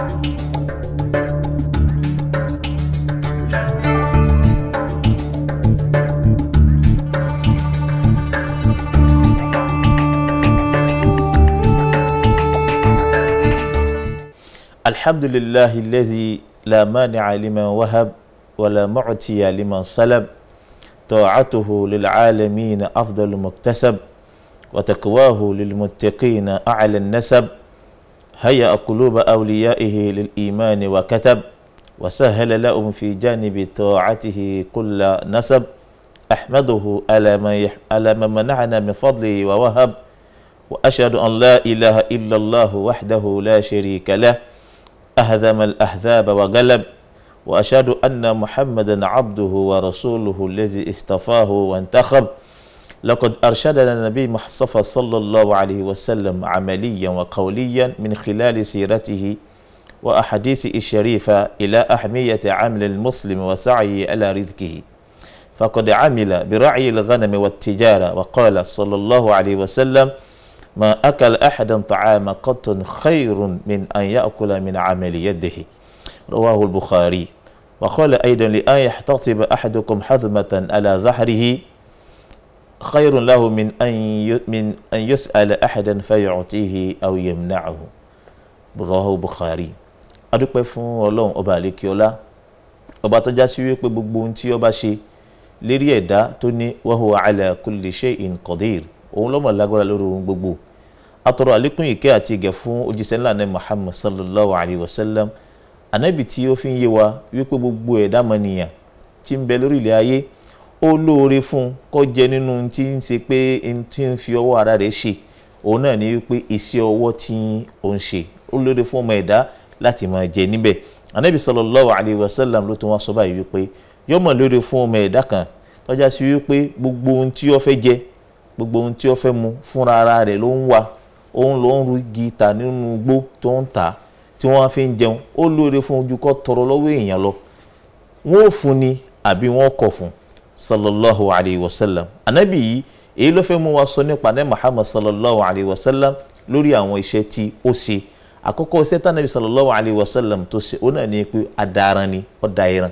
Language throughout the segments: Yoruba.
الحمد لله الذي لا مانع لمن وهب ولا معتي لمن صلب طاعته للعالمين أفضل مكتسب وتقواه للمتقين أعلى النسب هيأ قلوب أوليائه للإيمان وكتب وسهل لهم في جانب طاعته كل نسب أحمده على ما على ما منعنا من فضله ووهب وأشهد أن لا إله إلا الله وحده لا شريك له أهزم الأحزاب وغلب وأشهد أن محمدا عبده ورسوله الذي اصطفاه وانتخب لقد أرشدنا النبي محصفة صلى الله عليه وسلم عمليا وقوليا من خلال سيرته وأحاديثه الشريفة إلى أهمية عمل المسلم وسعيه على رزقه فقد عمل برعي الغنم والتجارة وقال صلى الله عليه وسلم ما أكل أحدا طعام قط خير من أن يأكل من عمل يده رواه البخاري وقال أيضا لأن يحتطب أحدكم حذمة على ظهره khayrun lahu min an yus'ala ahadan fayu'tihi aw yamna'ahu rawahu Bukhari adúpẹ́ fún ọlọ́run ọba àlékiọlá ọba tó já sí wípé gbogbo ohun tí ọba ṣe lérí ẹ̀dá tó ní wa huwa ala kulli shay'in qadir òun lọ́mọ̀ lágbára lórí ohun gbogbo atọrọ àlékún ìkẹ́ àti ìgẹ̀ fún òjíṣẹ́ ńlá ní Muhammad sallallahu alayhi wa sallam anabi tí ó fi ń yé wa wípé gbogbo ẹ̀dá mọ̀nìyàn tí ń bẹ lórí ilẹ̀ ayé ó lóore fún un kó jẹ nínú tí ń ṣe pé tí ń fi ọwọ́ ara rẹ̀ ṣe òun náà ni wípé iṣẹ́ ọwọ́ tí ó ń ṣe ó lóore fún ọmọ ẹ̀dá láti máa jẹ níbẹ̀ anabi sallallahu alayhi wa sallam ló tún wá sọ báyìí wípé yọmọ lóore fún ọmọ ẹ̀dá kan tọ́já sí wípé gbogbo ohun tí ó fẹ́ jẹ gbogbo ohun tí ó fẹ́ mu fúnra ara rẹ̀ ló ń wá òun ló ń ru gìtà nínú igbó tó ń tà tí wọ́n fi ń jẹun ó lóore fún ojú kọ́ tọrọ lọ́wọ́ èèyàn lọ wọ́n ò fún ni àbí wọ́n kọ̀ fún un sallallahu alayhi wa sallam anabi yìí èyí ló fẹ́ mú wa sọ nípa ní muhammad sallallahu alayhi wa sallam lórí àwọn iṣẹ́ tí ó ṣe àkọ́kọ́ iṣẹ́ tí anabi sallallahu alayhi wa sallam tó ṣe ó náà ní pé adaran ni ó da ìran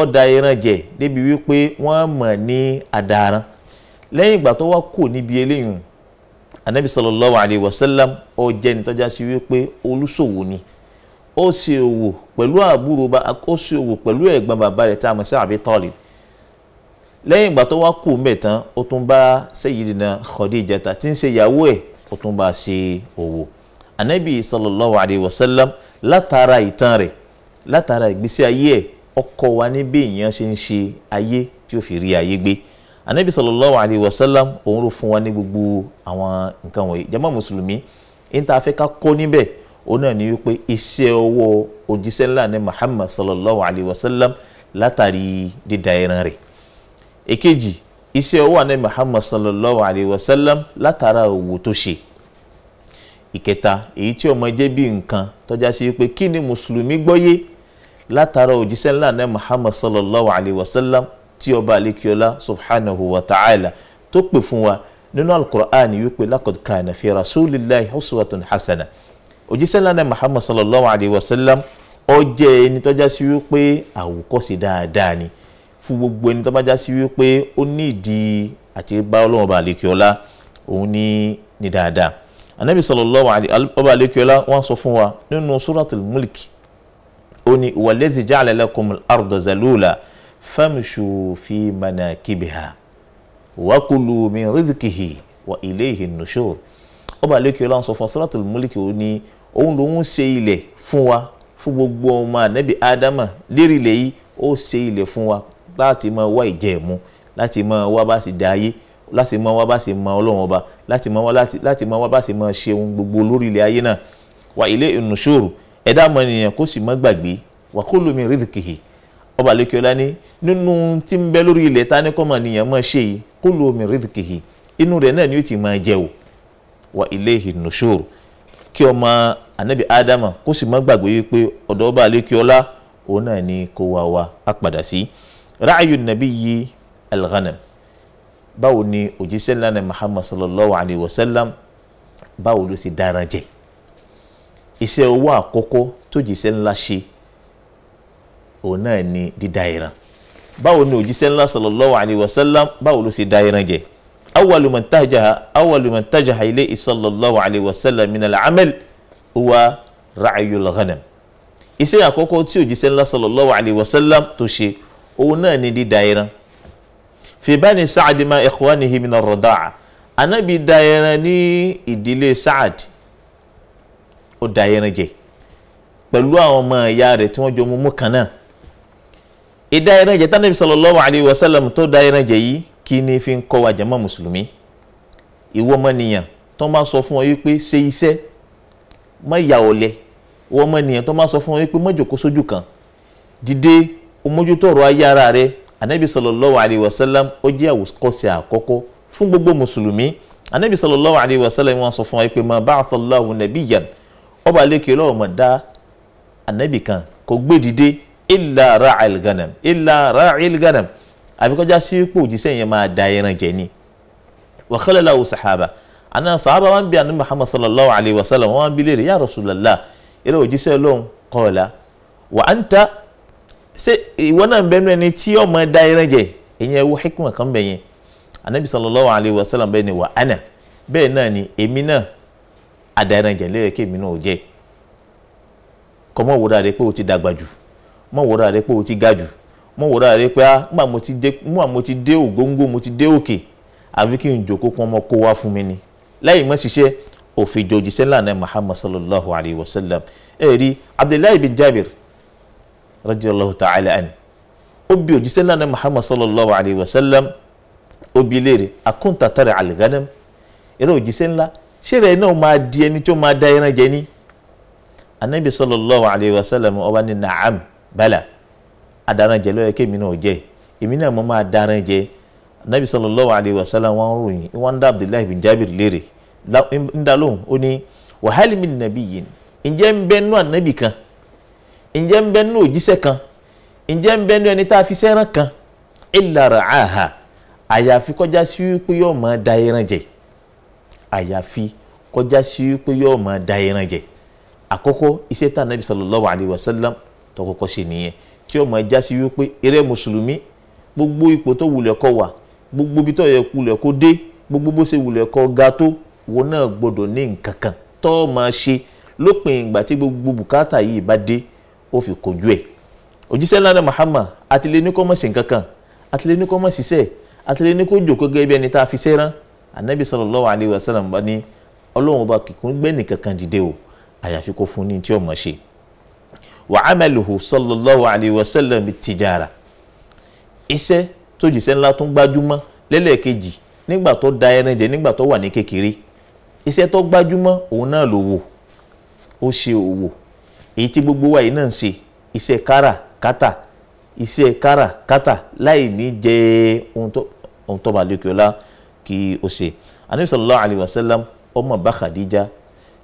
ó da ìran jẹ débi wípé wọ́n mọ̀ ní adaran lẹ́yìn ìgbà tó wá kò níbi eléyìí anabi sallallahu alayhi wa sallam ó jẹ́ ní sí wípé olùṣòwò ni ó ṣe òwò pẹ̀lú àbúrò ó ṣe òwò pẹ̀lú ẹ̀gbọ́n bàbá rẹ̀ tá a mọ̀ sí Abi Talib lẹ́yìn ìgbà tó wá kú mbẹ̀ tán ó tún bá Sayyidina Khadijata tí ń ṣe ìyàwó ẹ̀ ó tún bá ṣe òwò anabi sallallahu alayhi wa sallam látara ìtàn rẹ̀ látara ìgbésí ayé ẹ̀ ó wa ní bí èèyàn ṣe ń ṣe ayé tí ó fi rí ayé gbé anabi sallallahu alayhi wa sallam òun ló fún wa ní gbogbo àwọn nǹkan wọ̀nyí jama mùsùlùmí níta fẹ́ ká kọ́ níbẹ̀ òun náà ni wípé iṣẹ́ ọwọ́ òjíṣẹ́ ńlá ní Muhammad sallallahu alayhi wa sallam látàrí dídá ẹran rẹ̀ èkejì iṣẹ́ ọwọ́ àná Muhammad sallallahu alayhi wa sallam látara òwò tó ṣe ìkẹta èyí tí ọmọ jẹ́ bí nǹkan tọ́já sí pé kí ni mùsùlùmí gbọ́yé látara òjíṣẹ́ ńlá àná Muhammad sallallahu alayhi wa sallam tí ọba alekeola subhanahu wa ta'ala tó pè fún wa nínú alukur'an wípé laqad kana fi rasulillahi uswatun hasana òjíṣẹ́ ńlá àná Muhammad sallallahu alayhi wa sallam ó ẹni tọ́já sí wípé àwòkọ́ṣe dáadáa ni fún gbogbo ẹni tó bá já sí wípé ó ní ìdí àti bá ọlọ́run ọba àlekíọ́lá òun ní ní dáadáa anabi sallallahu alayhi ọba àlekíọ́lá wọ́n sọ fún wa nínú suratul mulk ó ní wàlẹ́sì ja'ala lakumul arda zalula famshu fi manakibiha wakulu min rizkihi wa ilayhi nushur ọba àlekíọ́lá sọ fún suratul mulk ó ní òun lòun ṣe ilẹ̀ fún wa fún gbogbo ọmọ anabi adama lérí ilẹ̀ ó ṣe ilẹ̀ fún wa láti máa wá ìjẹ́ ẹ̀mú láti máa wá bá sì dá ayé láti máa wá bá sì máa ọlọ́run ọba láti máa wá láti máa wá bá sì máa ṣe ohun gbogbo lórí ilẹ̀ ayé náà wà ilé ìnùṣòro ẹ̀dá ọmọnìyàn kó sì má gbàgbé wà kó lómi rìdìkìhì ọba lẹ́kíọ́lá ní nínú tí ń bẹ lórí ilẹ̀ tá ní kọ́mọ nìyẹn máa ṣe yìí kó lómi rìdìkìhì inú rẹ̀ náà ni ó ti máa jẹ o wà ilé ìnùṣòro kí ọmọ anabi adama kó sì má gbàgbé wípé ọ̀dọ̀ ọba lẹ́kíọ́lá òun náà ni kó wá wa á sí. Si ra'ayu nabiyyi al-ghanam báwo ni òjíṣẹ́ ńlá náà muhammad sallallahu alayhi wa sallam báwo ló ṣe dára jẹ iṣẹ́ owó àkọ́kọ́ tó jíṣẹ́ ńlá ṣe òun náà ni dídá ìran báwo ni òjíṣẹ́ ńlá sallallahu alayhi wa sallam báwo ló ṣe dá ìran jẹ awwalu man tajaha awwalu man tajaha alayhi wa sallam min al-amal ra'ayu al iṣẹ́ àkọ́kọ́ tí òjíṣẹ́ ńlá sallallahu alayhi wa sallam tó ṣe òun náà ni dídá ẹran fi bani Sa'ad ma ikhwanihi min ar-rida'a anabi dá ẹran ní ìdílé Sa'ad ó dá ẹran jẹ pẹ̀lú àwọn ọmọ ìyá rẹ̀ tí wọ́n jọ mú mú kan náà ìdá ẹran jẹ tánàbí sallallahu alayhi wa sallam tó dá ẹran jẹ yìí kí ni fi ń kọ́ wa jàmá mùsùlùmí ìwọ ọmọnìyàn tó máa sọ fún ọ wípé ṣe iṣẹ́ má ya ọ̀lẹ ìwọ ọmọnìyàn tó máa sọ fún ọ wípé má jókòó sójú kan dìde o mójútó ọ̀rọ̀ ayé ara rẹ anabi sallallahu alayhi wa sallam ó jẹ́ àwòkọ́ṣe àkọ́kọ́ fún gbogbo mùsùlùmí anabi sallallahu alayhi wa sallam wọ́n sọ fún wa pé ma ba'athallahu nabiyyan ọba àlekè ọlọ́wọ́ mọ̀ dá anabi kan kò gbé dìde illa ra'il ganam illa ra'il ganam àfikọ́já sí pé òjíṣẹ́ yẹn máa da ẹran jẹ ni wa khalalahu sahaba àná sahaba wọn bí anabi muhammad sallallahu alayhi wa sallam wọn bí léèrè ya ṣé ìwọ náà bẹnu ẹni tí ọmọ da ẹran jẹ ìyẹn ẹwọ hikima kan bẹ yẹn anabi sallallahu alayhi wa sallam bẹ́ẹ̀ ni wà ánà bẹ́ẹ̀ náà ni èmi náà ada ẹran jẹ lẹ́yìn kí èmi náà jẹ kọ́ mọ́ wòrà rẹ pé o ti dàgbà jù mọ́ wòrà rẹ pé o ti ga jù mọ́ wòrà rẹ pé ah, mọ́ àmọ́ ti dé ògóńgó mo ti dé òkè àfi kí n jòkó kan ọmọ kó wá fún mi ni lẹ́yìn mọ́ ṣiṣẹ́ òfin jòjì sẹ́lá náà muhammad sallallahu alayhi wa sallam ẹ̀rí abdullahi bin jabir radiyallahu ta'ala an ó bi òjíṣẹ́ náà ní muhammad sallallahu alayhi wa sallam ó bi léèrè akunta tara al-ghanam eré òjíṣẹ́ ńlá ṣé rẹ̀ náà máa di ẹni tó máa da ẹran jẹ ní anabi sallallahu alayhi wa sallam ó bá ní na'am bala adaran jẹ lọ́yẹ kémi náà jẹ èmi náà mo máa daran jẹ anabi sallallahu alayhi wa sallam wọn ròyìn wọn dá abdullahi bin jabir léèrè ń ó ní wàhálì mi nàbí yìí ǹjẹ́ ń nú ànábì kan ǹjẹ́ ń bẹ nínú òjíṣẹ́ kan ǹjẹ́ ń bẹ nínú ẹni tá a fi sẹ́ràn kan illa ra'aha àyàfi kọjá sí wípé yóò máa da ẹran jẹ àyàfi kọjá sí wípé yóò máa da ẹran jẹ àkọ́kọ́ iṣẹ́ tá anabi sallallahu alayhi wa sallam tó kọ́kọ́ ṣe nìyẹn tí yóò máa já sí wípé eré mùsùlùmí gbogbo ipò tó wulẹ̀ kó wà gbogbo ibi tó yẹ wulẹ̀ kó dé gbogbo bó ṣe wulẹ̀ kó ga tó wọn náà gbọdọ̀ ní nǹkan kan tó máa ṣe lópin ìgbà tí gbogbo bùkátà yìí bá dé ó fi kojú ẹ̀ òjíṣẹ́ ńlá náà Muhammad àtìlẹ́ ní kọ́ mọ̀ sí nǹkan kan àtìlẹ́ ní kọ́ mọ̀ síṣẹ́ àtìlẹ́ ní kó jòkó gẹ́gẹ́ bí ẹni tá a fi sẹ́rán anabi sallallahu alayhi wa sallam bá ní ọlọ́run bá kìkún gbé nìkan kan dìde o àyàfi kó fún ní tí ó mọ̀ ṣe wa amaluhu sallallahu alayhi wa sallam tijara iṣẹ́ tó jìṣẹ́ ńlá tó ń gbájúmọ́ lẹ́lẹ́kejì nígbà tó da ẹran nígbà tó wà ní kékeré iṣẹ́ tó gbájúmọ́ òun náà lówó ó ṣe òwò èyí tí gbogbo wa yìí náà ń ṣe iṣẹ́ káràkátà iṣẹ́ káràkátà láì ní jẹ́ ohun tó bá lékè ọlá kí o ṣe anabi sallallahu alayhi wa sallam ọmọ bá Khadija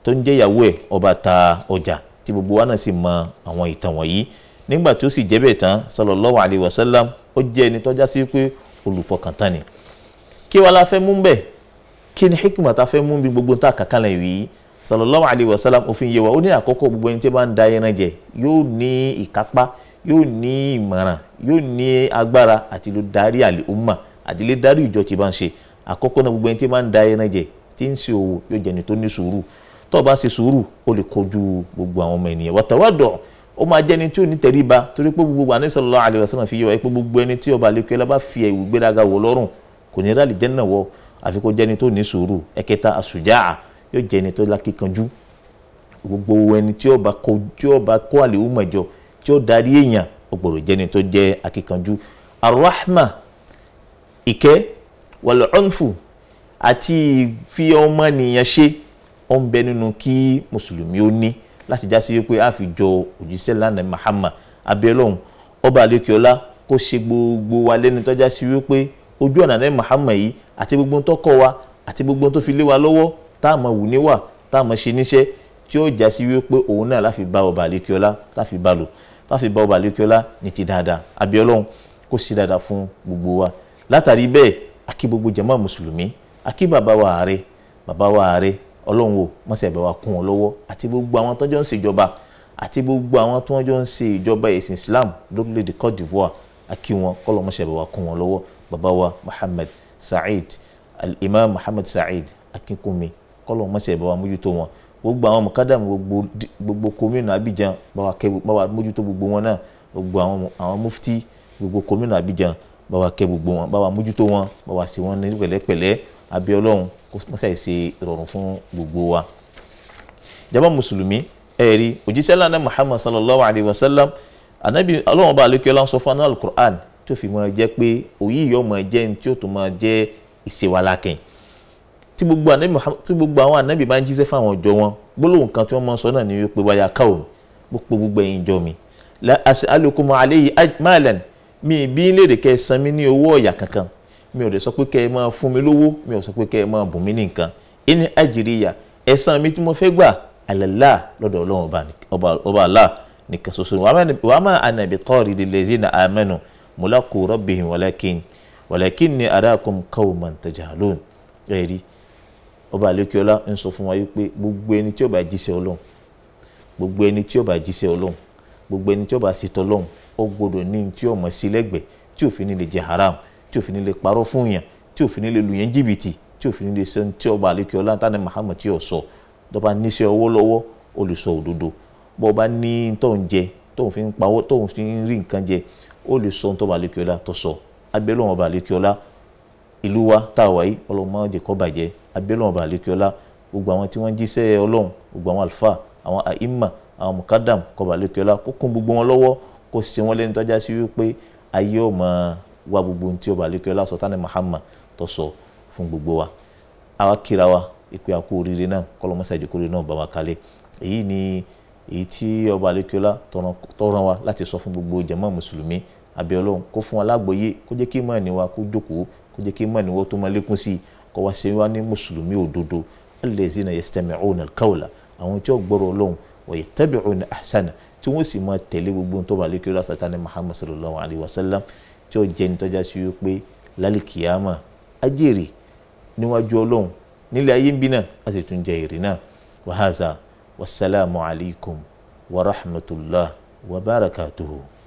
tó ń jẹ́ ìyàwó ẹ̀ ọba ta ọjà tí gbogbo wa náà sì mọ àwọn ìtàn wọ̀nyí nígbà tí ó sì jẹ́ bẹ́ẹ̀ tán sallallahu alayhi wa sallam ó jẹ́ ẹni tọ́já sí pé olùfọkàntán ni kí wàá la fẹ́ mú bẹ́ẹ̀ kí ni hikima fẹ́ mú bí gbogbo ta kàkàlẹ̀ yìí sallallahu alayhi wa sallam òfin yé wa ó ní àkọ́kọ́ gbogbo ẹni tí bá ń da ẹran jẹ yóò ní ìkápá yóò ní ìmọ̀ràn yóò ní agbára àti ló darí àlè umma àti lè darí ìjọ tí bá ń ṣe àkọ́kọ́ náà gbogbo ẹni tí bá ń da ẹran jẹ tí ń ṣe òwò yóò jẹni tó ní sùúrù tó o bá ṣe sùúrù o lè kojú gbogbo àwọn ọmọ ènìyàn wàtàwádọ̀ ó máa jẹ́ni tí ò ní tẹríba torí pé gbogbo ànábì sallallahu alayhi wa sallam fi yé wa pé gbogbo ẹni tí ọba àlekẹ́ lábá fi ìwúgbéraga wọ̀ lọ́rùn kò ní rálì jẹ́ náà wọ àfikún jẹ́ni tó ní sùúrù ẹ̀kẹta àsùjáà yóò jẹ́ ẹni tó lákìkanjú gbogbo ẹni tí yóò bá kó tí yóò bá kó àlèwò mọ̀jọ tí yóò darí èèyàn ọgbọ̀rọ̀ jẹ́ni tó jẹ́ akíkanjú arahma ìkẹ́ wàlúùnfù àti fi ọmọnìyàn ṣe ó ń bẹ nínú kí mùsùlùmí ó ní láti já sí wípé a fi jọ òjíṣẹ́ lánàá Muhammad abẹ́lọ́hún ọba alekiola kó ṣe gbogbo wa lẹ́nu tó sí wípé ojú ọ̀nà náà Muhammad yìí àti gbogbo tó kọ́ wa àti gbogbo tó fi lé wa lọ́wọ́ tá a mọ̀ wù níwà tá a mọ̀ ṣe níṣẹ́ tí ó já sí wípé òun náà láfi bá ọba àlékiọlá láfi bá lò láfi bá ọba àlékiọlá ní ti dáadáa àbí Ọlọ́run kó sì dáadáa fún gbogbo wa látàrí bẹ́ẹ̀ akí gbogbo jàmá mùsùlùmí akí bàbá wa ààrẹ bàbá wa ààrẹ Ọlọ́run wò mọ́sí ẹ̀bẹ̀ wa kún wọn lọ́wọ́ àti gbogbo àwọn tọ́jọ́ ń ṣèjọba àti gbogbo àwọn tí jọ ń ṣe ìjọba ẹ̀sìn Islam lórílẹ̀‐èdè Cote d'Ivoire akí wọn kọ́lọ́ mọ́sí ẹ̀bẹ̀ wa kún wọn lọ́wọ́ bàbá wa Muhammad Said imam Muhammad Said akínkùnmi kọ́lọ́hún mọ́ṣẹ́ bá wa mójútó wọn gbogbo àwọn mọ̀kádàmù gbogbo kọ́mínà Abidjan bá wa mójútó gbogbo wọn náà gbogbo àwọn mufti gbogbo kọ́mínà Abidjan bá wa kẹ́ gbogbo wọn bá wa mójútó wọn bá wa ṣe wọn ní pẹ̀lẹ́pẹ̀lẹ́ abẹ́ ọlọ́run kó ṣe ìrọ̀rùn fún gbogbo wa. jama musulumi ẹ̀rí òjíṣẹ́ lánàá Muhammad sallallahu alayhi wa sallam anabi ọlọ́run bá alẹ́ kí ọlọ́run sọ fún anáàlú Qur'an tó fi máa jẹ́ pé òyì yóò máa jẹ́ ní tí ó tún máa jẹ́ ìṣèwàlákìn tí gbogbo anabi Muhammad tí gbogbo àwọn anabi máa ń jíṣẹ́ fáwọn ọjọ́ wọn gbólóhùn kan tí wọ́n máa ń sọ náà ni wípé wáyà káwò mo gbogbo ẹ̀yin ìjọ mi la as'alukum alayhi ajmalan mi bí n léde kẹ́ ẹ san mi ní owó ọ̀yà kankan mi ò lè sọ pé kẹ́ ẹ máa fún mi lówó mi ò sọ pé kẹ́ ẹ máa bùn mí ní nǹkan ẹni àjèrìyà ẹ̀san mi tí mo fẹ́ gbà àlàlá lọ́dọ̀ ọlọ́run ọba àlá nìkan ṣoṣo wàá máa ọba àlékiọlá ń sọ fún wa yìí pé gbogbo ẹni tí ó bá jíṣẹ́ ọlọ́run gbogbo ẹni tí ó bá jíṣẹ́ ọlọ́run gbogbo ẹni tí ó bá ṣètò ọlọ́run ó gbọdọ̀ ní tí ó mọ̀ sí lẹ́gbẹ̀ẹ́ tí òfin ní lè jẹ haram tí òfin ní lè parọ́ fún yàn tí òfin ní lè lu yẹn jìbìtì tí òfin ní lè ṣe tí ọba àlékiọlá tani Muhammad tí ò sọ dọba níṣẹ́ ọwọ́ lọ́wọ́ ó lè sọ òdodo bọ́ ọba ní tóun jẹ tóun fi ń pawọ́ tóun fi ń rí nǹkan jẹ ó lè sọ tọ́ba àlékiọlá tó sọ abẹ́lẹ́ ọba àlékiọlá ìlú wa táwa yìí ọlọ́mọ jẹ́kọ́ bàjẹ́ abẹ́lọ́wọ̀n bá lékiọlá gbogbo àwọn tí wọ́n jíṣẹ́ ọlọ́run gbogbo àwọn alfa àwọn aima àwọn mukadam kọba lékiọlá kó kún gbogbo wọn lọ́wọ́ kó ṣe wọn lẹ́ni tọ́já sí wípé ayé ọmọ wa gbogbo ohun tí ọba lékiọlá sọ tani Muhammad tó sọ fún gbogbo wa àwa kíra wa ìpè àkó oríire náà kọlọmọsáàjì kórè náà bá wa kalẹ̀ èyí ni èyí tí ọba àlékiọlá tọrọ wa láti sọ fún gbogbo jàmáà mùsùlùmí abẹ Ọlọ́run kó fún wa lágbọ́yé kó jẹ́ kí mọ̀ọ́nì wa kó jókòó kó jẹ́ kí mọ̀ọ́nì wa tó máa lékún sí i kó wá ṣe wá ní mùsùlùmí òdodo allazina yastami'una al-qawla àwọn tí ó gbọ́rọ̀ ọlọ́run wa yattabi'una ahsana tí wọ́n sì máa tẹ̀lé gbogbo tó bá lékè lọ́sà tá ní muhammad sallallahu alayhi wa sallam tí ó jẹ́ nítọ́já sí yóò pé lálẹ́ kìyàmà ajẹ́rè níwájú ọlọ́run nílẹ̀ ayé ń bí náà a sì alaykum wa rahmatulah wa barakatuhu.